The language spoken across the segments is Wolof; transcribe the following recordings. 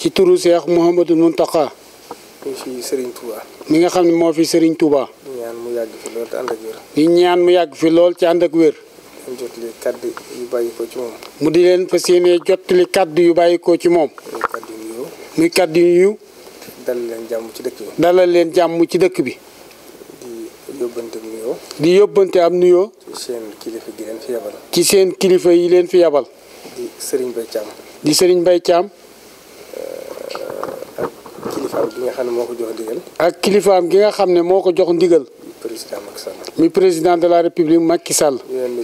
ci turu Cheikh Mouhamadou Mountakha. mi fi Serigne mi nga xam ne moo fi sëriñ Touba. di mu yàgg fi di yàgg fi lool te ànd ak wér. mu di leen fas yéenee jottali kaddu yu bàyyikoo ci moom. muy kaddu yu nuyu. dalal leen jàmm ci dëkk bi. leen jàmm ci dëkk bi. di yóbbante am nuyoo. ci seen kilifa yi leen fi yabal. ci di sëriñ bay Thiam. di Serigne Mbaye Thiam. kilifaam gi nga xam ne moo ko jox ndigal. ak kilifaam gi nga xam ne moo ko jox ndigal. mi président Macky Sall. mi président de la république Macky Sall.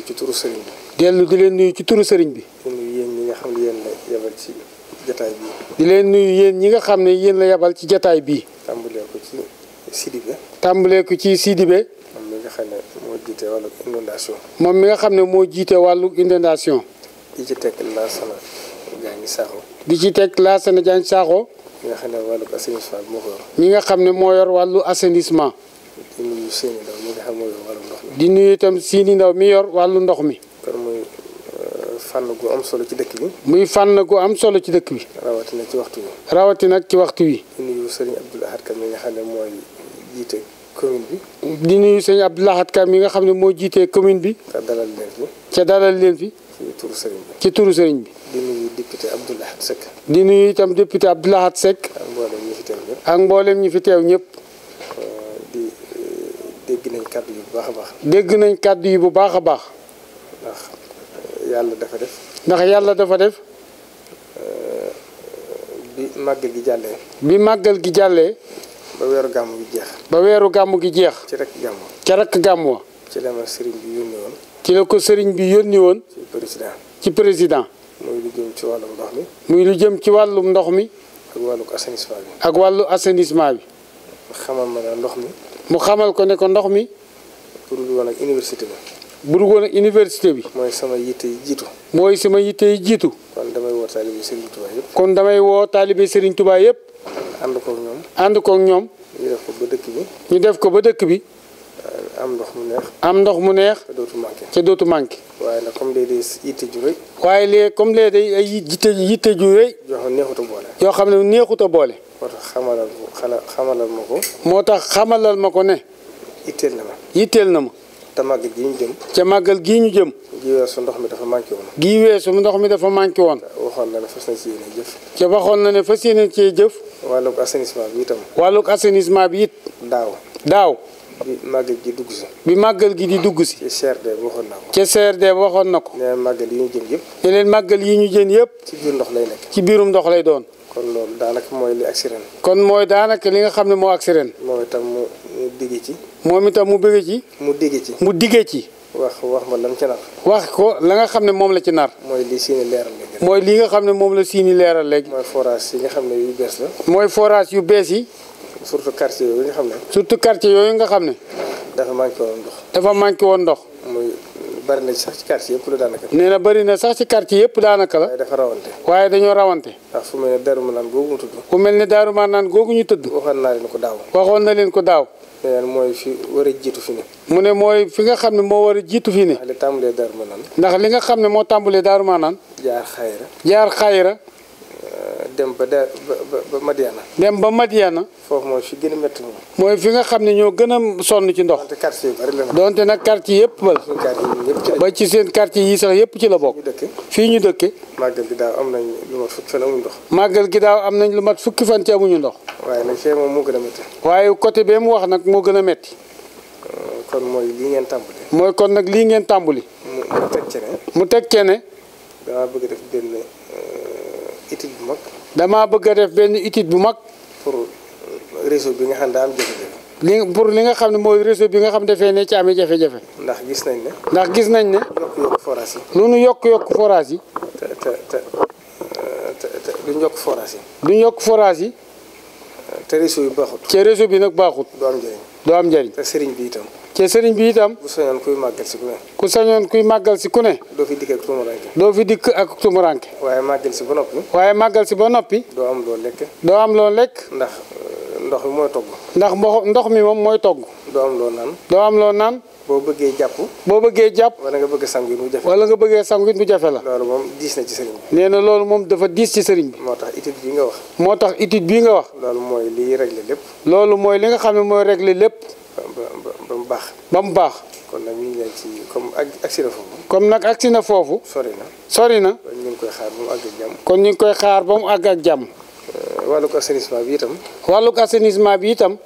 ci turu sëriñ bi. dellu di leen nuyu ci turu sëriñ bi. di nuyu yéen ñi nga xam yéen la yabal di leen nuyu yéen ñi nga xam ne yéen la yabal ci jataay bi. tàmbalee ko ci ci Sidibé. moom mi jiite wàllu moom mi nga xam ne moo jiite wàllu inondation. di ci teg Laasana Diagne Sakho. di ci teg Laasana Diagne Sakho. ñi nga xam ne wàllu assainissement bi moo ko yor. ñi nga xam ne moo yor wàllu assainissement. di nuyu seeni ndaw mi nga xam moo yor wàllu ndox mi. di nuyu itam seeni ndaw mi yor wàllu ndox mi. kon muy euh, fànn gu am solo ci dëkk bi. muy fànn gu am solo ci dëkk bi. rawatina ci waxtu wi. rawatina ci waxtu wi. di nuyu Serigne Abdoul Ahad Ka mi nga xam ne mooy jiite commune bi. di nuyu Serigne Abdoul Ahad Ka mi nga xam ne moo jiite commune bi. ca dalal leen fi. ca dalal leen fi. ci turu Serigne bi ci turu Serigne bi. député Abdoul Ahad Seck. di nuyu itam député Abdoul Ahad Seck. ak mboolem ñi fi teew ñëpp. ak mboolem ñi fi teew ñëpp. Euh, di euh, dégg nañ kàddu yi bu baax a baax. dégg nañ kàddu yi bu baax a baax. ndax euh, yàlla dafa def. ndax yàlla dafa def. bi màggal gi jàllee. bi màggal gi jàllee. ba weeru gàmm gi jeex. ba weeru gàmm gi jeex. ci rek gàmm. ci rek ci la ma ci ko sëriñ bi yónni woon. ci président. muy lu ci wàllum ndox mi. muy lu jëm ci wàllum ndox mi. ak wàllu assainissement bi. ak wàllu assainissement bi. mu xamal ma ne ndox mi. mu xamal ko ne ko ndox mi. budul woon ak université bi. budul woon ak bi. mooy sama yitte yi jiitu. mooy sama yitte yi jiitu. kon damay woo taalibe Serigne Touba yëpp. kon damay woo taalibe Serigne Touba yëpp. ànd koog ñoom. ànd kook ñoom. ñu def ko ba dëkk bi. ñu def ko ba dëkk bi. am ndox mu neex. am ndox mu neex. te dootu manqué dootu manqué. waaye nag comme léeg-léeg yitte ju rëy. waaye léegi comme léeg-léeg ay yitte yitte ju rëy. yoo xam ne neexut boole. yoo xam ne neexut a boole. moo tax xamalal xamalal ma ko. moo tax xamalal ma ko ne. yitteel na ma. yitteel na ma. te màggal gii ñu jëm. ca màggal gii ñu jëm. gii weesu ndox mi dafa manqué woon. gii weesu ndox mi dafa manqué woon. waxoon na ne fa na ci yéene jëf. ca waxoon na ne fa yéene cee jëf. wàllug assainissement bi itam. wàllug assainissement bi it. daaw daaw. màggal gi dugg si. bi màggal gi di dugg si. ci CRD waxoon na ko. ci CRD waxoon na ko. ne leen màggal yi ñu jëm yëpp. ne leen màggal yi ñu jëm yëpp. ci biir ndox lay nekk. ci biirum ndox lay doon. kon loolu daanaka mooy li agsi ren. kon mooy daanaka li nga xam ne moo agsi ren. moom itam mu mu digg ci. moom itam mu bëgg ci. mu digg ci. mu diggee ci. wax wax ma lan ca nar. wax ko la nga xam ne moom la ci nar. mooy li siini leeral léegi. mooy li nga xam ne moom la siini leeral léegi. mooy forage yi nga xam ne yu bees la. mooy forage yu bees yi. surtout quartier yooyu nga xam ne. surtout quartier yooyu nga xam ne. dafa manqué woon ndox. dafa manqué woon ndox. mooy bari na sax ci quartier yëpp la daanaka. nee na bari na sax ci quartier yëpp daanaka la. waaye dafa rawante. waaye dañoo rawante. ndax fu mel ne Darou Manane googu ñu tudd. fu mel ne Darou Manane googu ñu tudd. waxoon naa leen ko daaw. waxoon na leen ko daaw. mooy war a jiitu fi mu ne mooy fi nga xam ne moo war a jiitu fi ne. ndax li tàmbalee Darou Manane. ndax li nga xam ne moo tàmbalee Darou Manane. jaar xayra. jaar xayra. dem ba da ba ba Madiana. dem ba Madiana. foofu mooy fi mooy fi nga xam ne ñoo gën a sonn ci ndox. donte quartier yu bari donte nag quartier yëpp la. ba ci seen quartier yi sax yëpp ci la bokk. fii ñu dëkke màggal gi daaw am nañ lu mat fukki fan amuñu ndox. màggal gi daaw am nañ lu mat fukki fan ci amuñu ndox. waaye nag fee moom moo gën a métti. waaye côté bee mu wax nag moo gën a métti. Euh, kon mooy lii ngeen mooy kon nag lii ngeen tàmbali. mu teg cee mu teg cee ne. damaa bëgg def benn euh, étude bu mag. damaa bëgg a def benn étude bu mag. pour réseau bi nga xam daa am jafe li nga xam ne mooy réseau bi nga xam dafee ne ci amee jafe-jafe. ndax gis nañ ne. ndax gis nañ ne. forage yi. nu nu yokk-yokk forage yi. te te yokk forage yi. duñ yokk forage yi. te réseau bi baaxut. te réseau bi nag baaxut. du am njëriñ. du te sëriñ bi itam. te sëriñ bi itam. ku sañoon kuy màggal si ku ne. ku sañoon kuy màggal si ku ne. doo fi dikk ak tumuranke. doo fi dikk ak tumuranke. waaye màggal si ba noppi. waaye màggal si ba noppi. doo am loo lekk. doo am loo lekk. ndax eh, ndox mi mooy togg. ndax ndox mi moom mooy togg. doo am loo naan. doo am loo naan. boo bëggee jàpp. boo bëggee jàpp. wala nga bëgg sangu it mu wala nga bëggee sangu it mu jafe la. loolu moom diis na ci sëriñ bi. loolu moom dafa diis ci sëriñ bi. moo tax étude bi nga wax. moo tax étude bi nga wax. loolu mooy liy régler lépp. loolu mooy li nga xam ne mooy régler lépp. baax. ba mu baax. kon nag ñu ngi leen ci comme agsi na foofu. comme nag agsi na foofu. sori na sori na. kon ñu koy xaar ba mu ak jàmm. kon ñu ngi koy xaar ba mu àgg ak jàmm. Euh, wàllug assainissement bi itam. wàllug assainissement bi itam.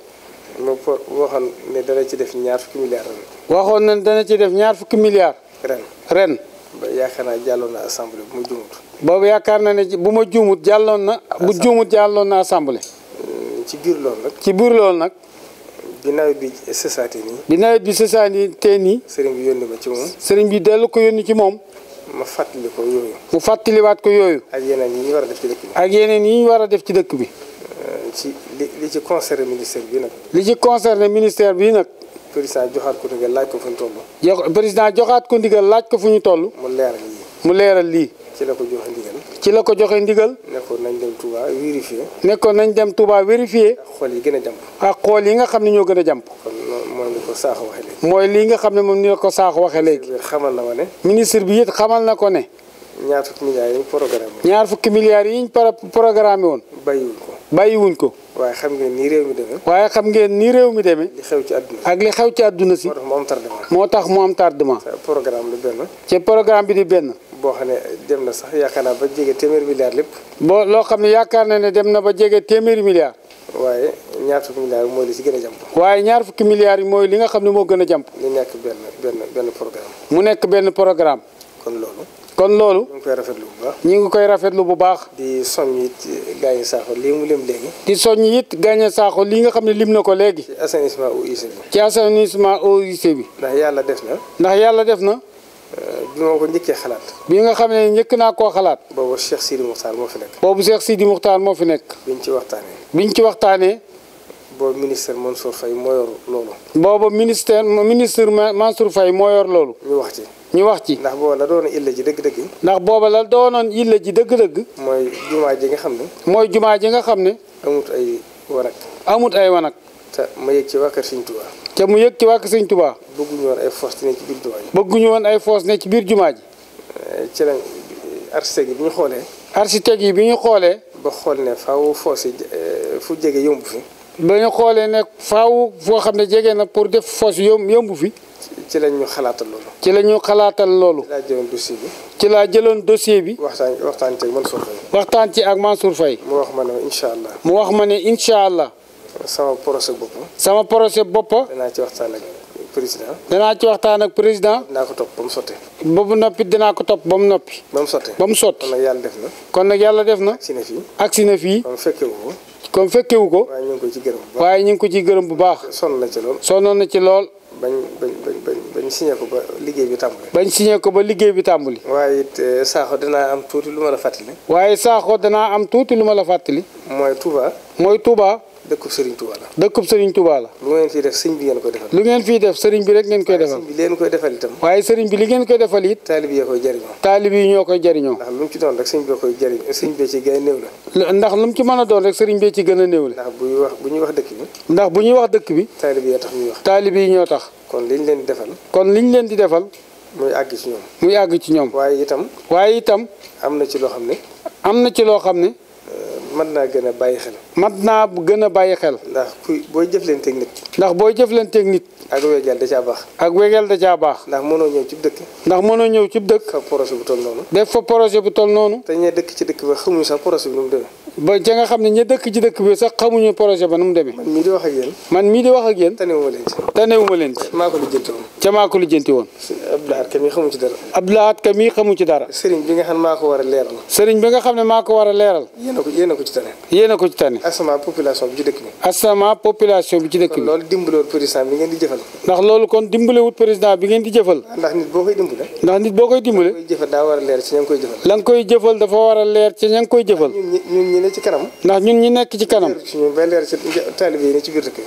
moo po waxoon ne dana ci def ñaar fukki milliards ren. waxoon na dana ci def ñaar fukki milliards. ren ren. ba yaakaar naa jàlloon na assemblée bu ma juumut. boobu yaakaar na ne bu ma juumut jàlloon na. bu juumut jàlloon na assemblée. Euh, ci biir loolu nag. bi nawet bi sësaatee nii. bi nawet bi sësaatee nii. sëriñ bi yónni ma ci moom. sëriñ bi dellu ko yónni ci moom. ma fàttali ko yooyu. mu fàttaliwaat ko yooyu. ak yeneen yi ñu war a def ci dëkk bi. yeneen yi ñu war a def ci dëkk bi. Euh, ci li li ci concerne ministère bi nag. li ci concerne ministère bi nag. président joxaat ko ndigal laaj ko fu ñu toll. jox président joxaat ko ndigal laaj ko fu ñu toll. mu leeral lii. mu leeral lii. ci la ko jox ndigal. ci la ko joxe ndigal. nekkoon nañ dem Touba vérifier. nekkoon nañ dem Touba vérifier. ak xool yi gën a jàmp. ak xool yi nga xam ne ñoo gën a jàmp. kon mooy li ko mooy lii nga xam ne moom ni la ko saaxu waxee léegi. xamal na ma ne. ministre bi it xamal na ko ne. ñaar fukki milliards yi ñu programme ñaar fukki milliards yi ñu programme woon. bàyyiwuñ ko. bàyyiwuñ ko. waaye xam ngeen ni réew mi deme waaye xam ngeen ni réew mi demee. li xew ci àdduna ak li xew ci àdduna si. moo tax mu moo tax mu am tardement. programme bi benn. ci programme bi di benn. boo xam ne dem na sax yaakaar naa ba jege téeméer milliard lépp. boo loo xam ne yaakaar na ne dem na ba jege téeméeri milliard. waaye ñaar fukki milliards mooy li ci a jàmp. waaye ñaar fukki milliards yi mooy li nga xam ne moo gën a jàmp. mu nekk benn benn benn programme. mu nekk benn programme. kon loolu. kon loolu. ñu ngi koy rafet lu baax. ñu ngi koy rafetlu bu baax. di soññ it gaañu saako li mu lim léegi. di soññ it gaañu saako lii nga xam ne lim na ko léegi. ci assainissement OIC bi. ci assainissement OIC bi. ndax yàlla def na. ndax yàlla def na. bi ma ko njëkkee xalaat. bi nga xam ne njëkk naa koo xalaat. boobu Cheikh Sidi Moukhtar moo fi nekk. boobu Cheikh Sidi Moukhtar moo fi nekk. biñ ci waxtaanee. ñu ci waxtaanee. boobu ministre Mansour fay moo yor loolu. boobu ministère ministre Mansour Faye moo yor loolu. ñu wax ci. ñu wax ci. ndax booba la doon illa ji dëgg-dëgg. ndax booba la doonoon illa ji dëgg-dëgg. mooy jumaa ji nga xam ne. mooy jumaa ji nga xam ne. amut ay wanak. amut ay wanak. te ma yëg ci waa kër Sëriñ Tuubaa te mu yëg ci wàkk sëñ Touba. bëgguñu woon ay foos ne ci biir jumaa ji. bëgguñu woon ay foos ne ci biir jumaa eh, ci la architecte yi bi ñu xoolee. architecte yi bi ñu xoolee. ba xool ne faaw foos yi eh, fu jege yomb fi. ba ñu xoolee ne faaw foo xam ne jege na pour def foos yomb yomb fi. ci la ñu xalaatal loolu. ci la ñu xalaatal loolu. ci laa jëloon dossier bi. ci laa jëloon dossier bi. waxtaan waxtaan ci ak Mansour Faye. waxtaan ci ak Mansour Faye. mu wax ma ne allah. mu wax ma ne incha allah. sama projet bopp. sama projet bopp. danaa ci waxtaan ak président. danaa ci waxtaan ak président. dinaa ko topp ba mu sotti. ba mu noppi dinaa ko topp ba mu noppi. ba mu sotti ba mu sotti. kon nag yàlla def na. kon nag yàlla def na. agsi na fii agsi na fii. kon fekke wu ko. kon fekke wu ko. waaye ñu ngi ko ci gërëm bu baax waaye ñu ngi ko ci gërëm bu baax. sonn na ci lool sonnoon na ci lool. bañ bañ bañ bañ signé ko ba liggéey bi tàmbali. bañ signé ko ba liggéey bi tàmbali. waaye it eh, saaxo danaa am tuuti lu ma la fàttali. waaye saaxo danaa am tuuti lu ma la fàttali. mooy Touba. mooy Touba. dëkkub Serigne Touba la. dëkkub Serigne Touba la. lu ngeen fiy def sëriñ bi ngeen koy defal. lu ngeen fiy def sëriñ bi rek ngeen koy defal. waaye sëriñ bi leen koy defal itam. waaye sëriñ bi li ngeen koy defal it. taalib yi koy jëriñoo. taalib yi ñoo koy jëriñoo. ndax lu mu ci doon rek sëriñ koy jëriñ sëriñ bi ci gën a la. ndax lu mu ci mën a doon rek sëriñ bi ci gën a néew la. ndax bu ñuy wax bu ñuy ndax bu ñuy wax dëkk bi. taalib yi tax ñuy wax. taalib ñoo tax. kon liñ leen di defal. kon ñu leen di defal. muy àgg ci ñoom. muy àgg ci ñoom. waaye itam. waaye itam. am na ci loo xam ne. am na ci loo xam ne. mat naa gën a bàyyi xel. mat naa gën a bàyyi xel. ndax kuy booy jëflanteeg nit. ndax booy jëflanteeg nit. ak wegeel da caa baax. ak wegeel da caa baax. ndax mënoo ñëw cib dëkk. ndax mënoo ñëw cib dëkk. ak projet bu toll noonu. def fa projet bu toll noonu. te ñee dëkk ci dëkk ba xamuñu sax projet bi nu mu demee. ba ca nga xam ne ña dëkk ci dëkk bi sax xamuñu projet ba nu mu demee. man mii di maa ko bi nga xam ne ko war a leeral. sëriñ nga xam ne maa ko war a leeral. yéen a ko a ko ci tane. yéen a ko ci tane. asama population bi ci dëkk bi. asama population bi ci dëkk bi. kon loolu président bi ngeen di jëfal. ndax loolu kon dimbalewut président bi ngeen di jëfal. ndax nit boo koy dimbale. ndax nit boo koy dimbale. la nga jëfal a dafa war a leer ci ña koy jëfal. ñi ne ci kanam. ndax ñun ñi nekk ci kanam.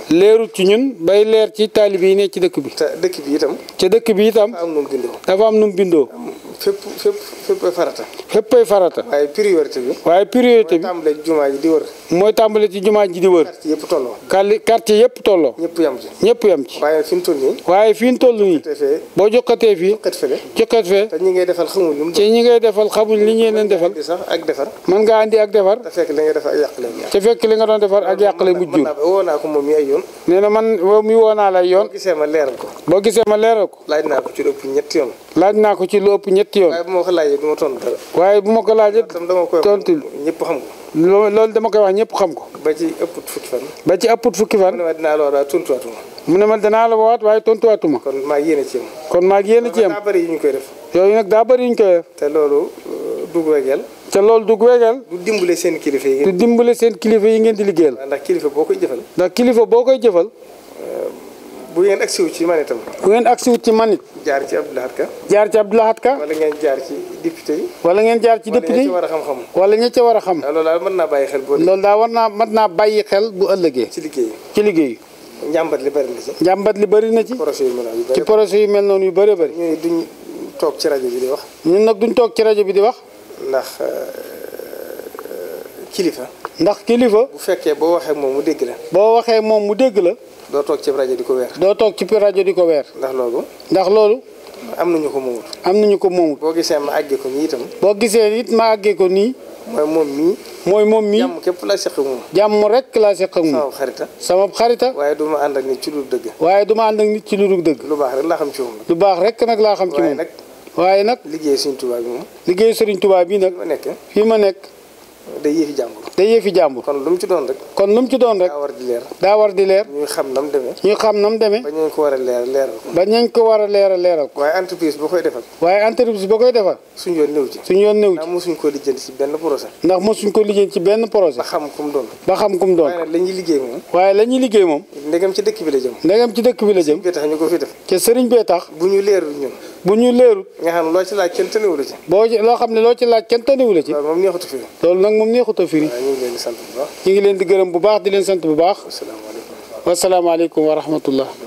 leerut ci ñun bay leer ci taalibe yi ne ci dëkk bi. ci ñun bay leer ci taalibe yi ne ci dëkk bi. dëkk bi itam. ca dëkk bi itam. dafa am nu mu bindoo. dafa am nu mu bindoo. fépp fépp féppay farata. féppay farata. waaye priorité bi. waaye priorité bi mooy tàmbale ci jumaa ji di wër. mooy tàmbale ci jumaa ji di wër. yëpp tolloo. kàlli quartier yëpp tolloo. ñëpp yam ci. ñëpp yam waaye fi mu toll nii. fi mu boo jokkatee fii. jokkat fee. jokkat fee. te ñi ngay defal xamuñ lu mu. te ñi ngay defal li ñu leen defal. sax ak defar. ngaa andi ak defar. fekk li nga def ak yàq la ay yoon. boo gisee ma leeral ko. boo gisee ma leeral ci lu ëpp ñetti yoon. ci lu ba ci ëpput fukki fan. ba ci ëpput fukki fan. mu ne ma dinaa la woowaat tontuwaatuma. mu kon maa ngi a ci yem. kon maa ngi a ci yem. daa bëri daa bëri yu te loolu euh, dugg ak te loolu du wéegal. du dimbale seen kilifa yi. dimbale seen kilifa yi ngeen di liggéeyal. ndax kilifa boo koy jëfal. ndax kilifa boo koy jëfal. bu ngeen agsi wut ci man itam. bu ci man jaar ci Abdou Ka. jaar ci Abdou Lahad Ka. wala ngeen jaar ci député yi. wala ngeen jaar ci député yi war a xam-xam. wala ña war a xam. loolu daal mën naa bàyyi xel bu ëllëgee. loolu daal war naa mën naa xel bu ëllëgee. ci liggéey ci liggéey. njàmbat li bëri na ci. njàmbat li bëri na ci. projet yu mel ci projet yi mel noonu yu bëri bëri. ñun duñ toog ci rajo bi di wax. ñun nag duñ toog ci rajo bi di wax. ndax euh, kilifa. ndax kilifa. bu fekkee boo waxee moom mu dégg la. boo waxee moom mu dégg la. doo toog ci rajo di ko weer. doo toog ci rajo di ko weer. ndax loolu. ndax loolu. am nañu ko moomut. am nañu ko moomut. boo gisee ma àggee ko nii itam. boo gisee it ma àggee ko nii. mooy moom mii. mooy jàmm képp laa seq ak moom. jàmm rek laa seq ak moom. sama xarita. sama xarita. waaye du ma ànd ak nit ci lu dëgg. waaye du ma ak nit ci lu dëgg. lu baax rek laa xam ci moom. lu baax rek nag laa xam ci moom. waaye nag. liggéey Serigne Touba bi moom. liggéey Serigne Touba bi nag. fii ma nekk. day yéefi jàmbur. day yéefi jàmbur. kon lu mu ci doon rek. kon lu mu ci doon rek. daa war di leer. daa war leer. ñuy xam nam demee. ñuy xam nam demee. ba ñu ko war a leer leeral ko. ko war a leeral leeral ko. waaye entreprise boo koy defal. waaye entreprise boo koy defal. suñu yoon néew ci. suñu yoon néew ci. ndax mosuñ ko lijjanti ci benn projet. ndax mosuñ ko lijjanti ci projet. ba xam kum doon. ba xam kum doon. waaye la ñuy liggéey moom. waaye la ñuy liggéey moom. ndegam ci dëkk bi la jëm. ndegam ci dëkk bi la jëm. ci sëriñ bee tax ñu ko fi def. te bu ñu leerut. nga xam ne loo ci laaj kenn tëniwu la ci. boo ci loo xam ne loo ci laaj kenn tëniwu la ci. loolu moom neexut a firi. loolu nag moom neexut a firi. ñu ngi leen di sant bu baax. ñu ngi leen di gërëm bu baax di leen sant bu baax. wasalaamaaleykum wa rahmatullah